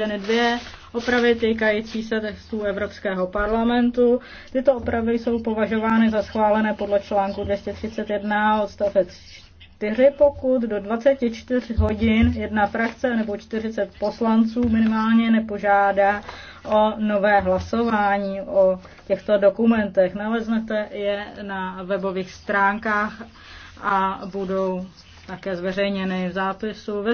uvedeny dvě opravy týkající se textů Evropského parlamentu. Tyto opravy jsou považovány za schválené podle článku 231 odstavec 4, pokud do 24 hodin jedna frakce nebo 40 poslanců minimálně nepožádá o nové hlasování o těchto dokumentech. Naleznete je na webových stránkách a budou také zveřejněny v zápisu.